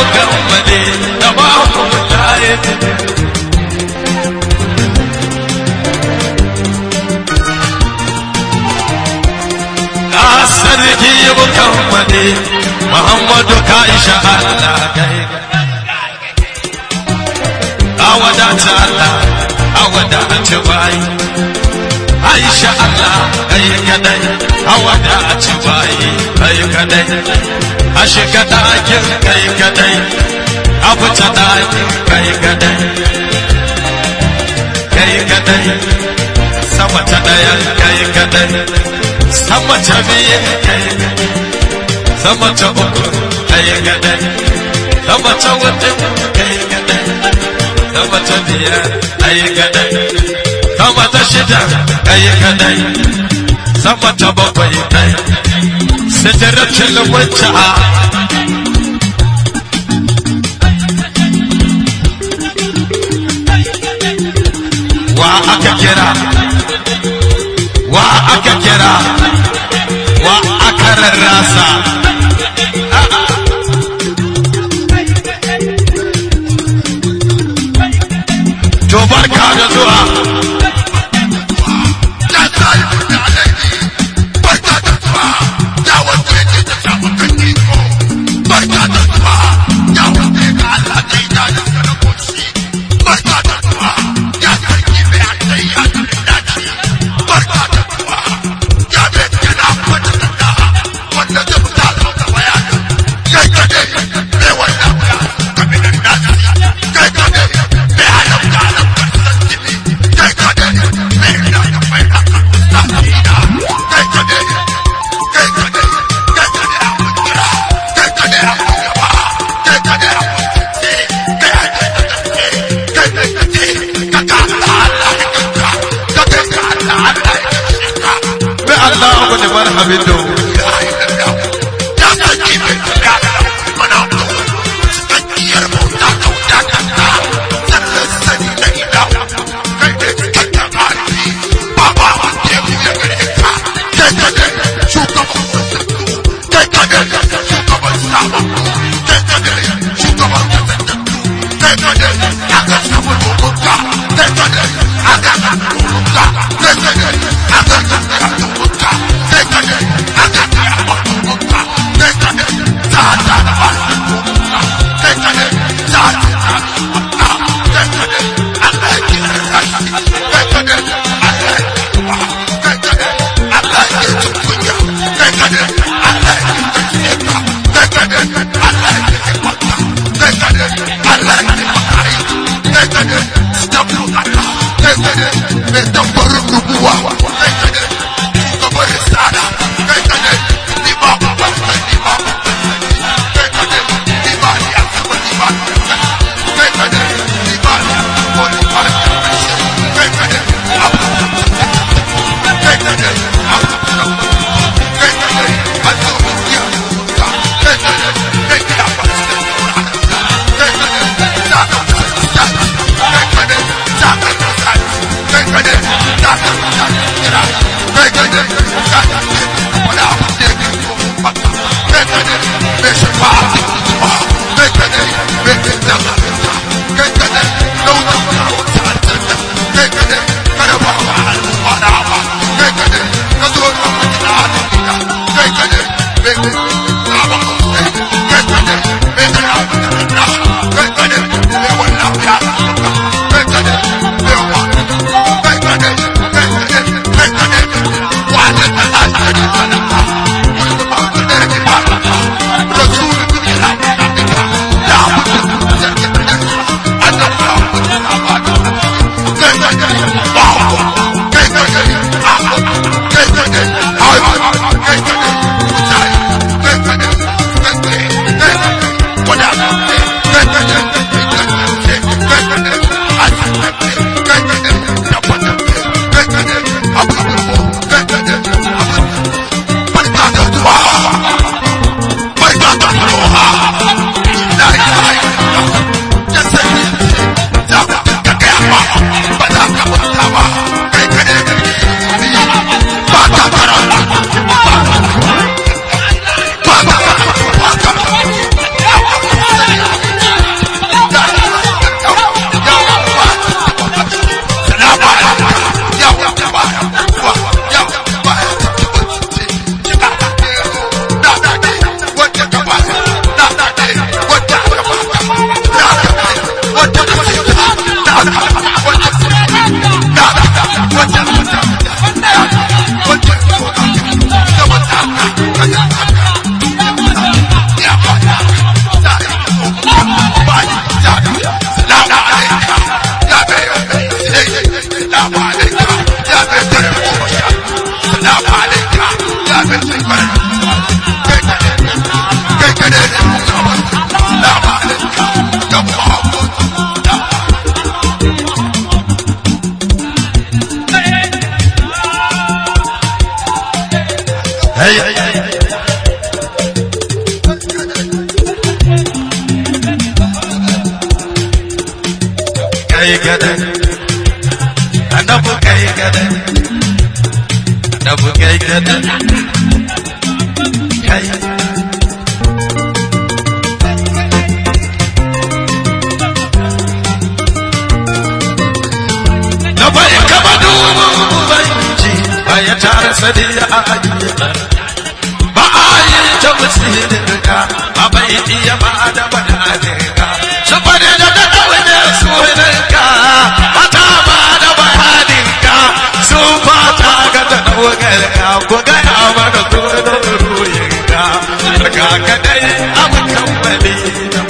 mu kammale da ba ka sarki mu kammale muhammadu ka isha allah kai a wadata allah a wadata bayi aisha allah kai kadai a wadata bayi kai kadai a shiga ɗakin kai kadai a fita ɗakin kai kadai kai kadai sama ta ɗaya kai kadai sama ta biyu kai kadai sama ta uku kai kadai sama ta hudu kai kadai sama ta biyar kai kadai sama ta shida kai kadai sama ta bakwai kai kadai الدرة الوجعة وعك كرا وعك كرا وعك الراسة Hey, hey hey get it. Anabu kay get it. Anabu kay get it. Kay. sani da ayyuka ba a yi ta musirin ka a bai iya ma da bada ka su bane da ta ɗaune sunan ka mata ma da bayanin ka su fata ga ta ɗaunar ka ku gaya mana tunan ruyin ka daga kadai abu kammali da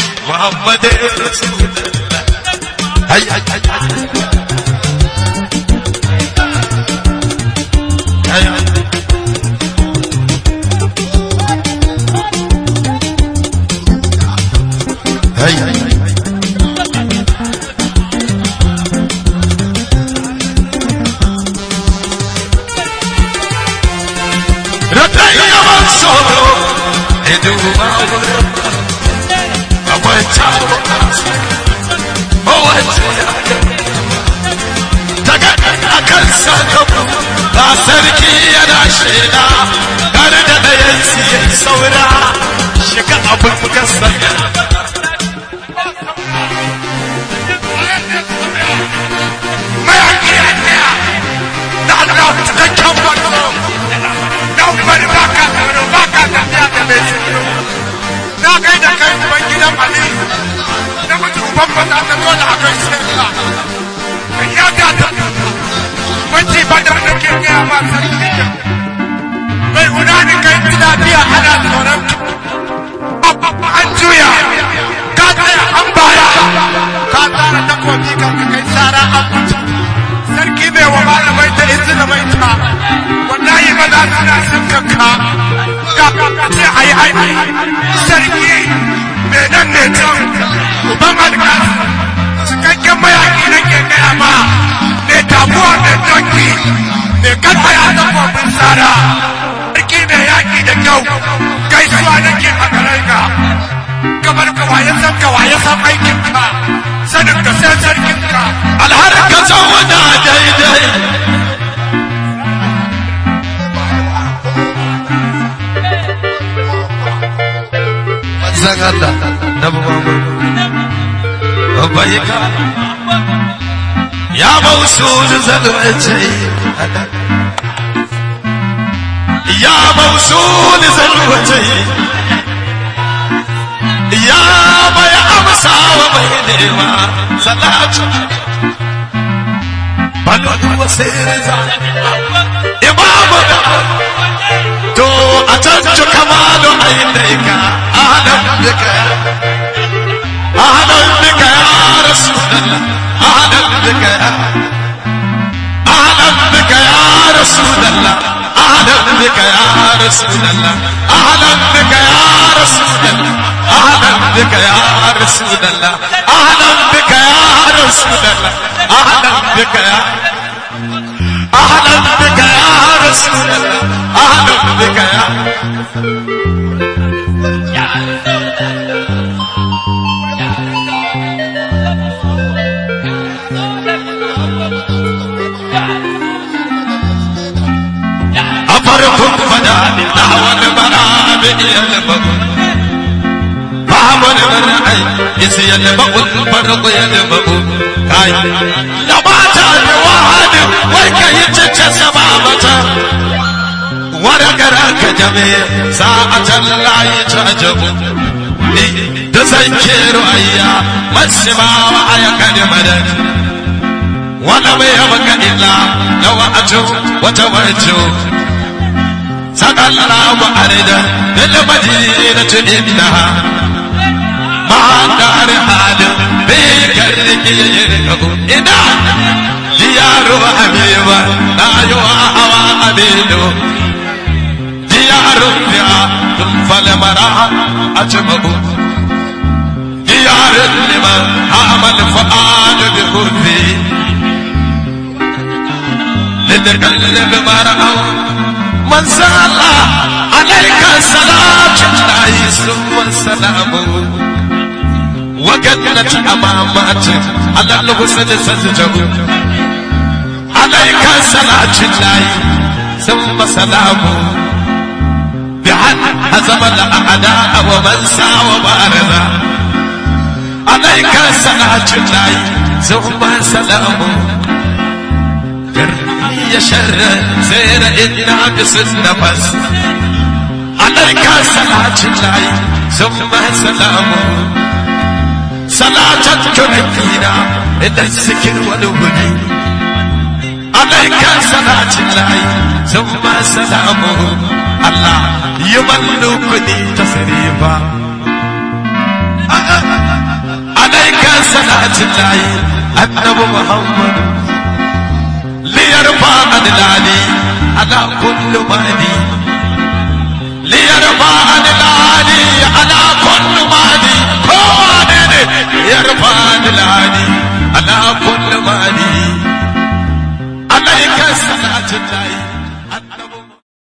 محمد رسول الله هيا هيا هيا هيا ربنا يا منصور ادوم على sarki yana shaida tare da ɗayan siyan saura shiga abin kasa Back tabbata ta sarki ana juya wa malamai ta nan can cikakken mayaƙi na ke gaya ma mai tabuwa mai doki mai kasa ya da kofin tsara sarki da kyau gaisuwa na ke a kamar san san aikin ka sanin ka sai sarkin ka alhar ka san wani daidai Zan Allah, na ربيك يا موسول زلوتي يا موسول زلوتي يا بي أمسى وبي نعمة صلاة بلد وسير إمام تو أتنج كمال عينيك आनंद कयार सु आनंद सु आनंद सुलल आनंद सु आनंद सुलल आनंद आनंद सूरल आनंद sai ya ba ku fara ko ya ba ku kai da ba ta da wahadi wai ka yi cece sababa ta wara gara ka jame sa a can layi ta ni da san ke ruwaya masu ba wa ayyuka da madad wala bai yaba ka illa da wa'atu wata wa'atu sakalla ba arida da labadi na tu illa hadar halin bekar ke yin kago ina diyaro habiba na yo hawa abelo diyaro ya tum fale mara achmago diyaro lima amal faad bi khurfi لتقلب مرأة من سأل عليك الصلاة وجنة أمامات على الحسن سجده عليك صلاة الله ثم سلامه بحد هزم الأعداء ومن سعى عليك صلاة الله ثم سلامه يا شر زير إنا بسن نفس عليك صلاة الله ثم سلامه صلاتك كن فينا إلا الذكر والولي عليك صلاة الله ثم سلامه الله يملكني تسريبا عليك صلاة الله النبي محمد ليرفع عن العلي على كل مالي ليرفع عن العلي على كل مالي yarfa dilani ala kullu mali alayka salatu tayyib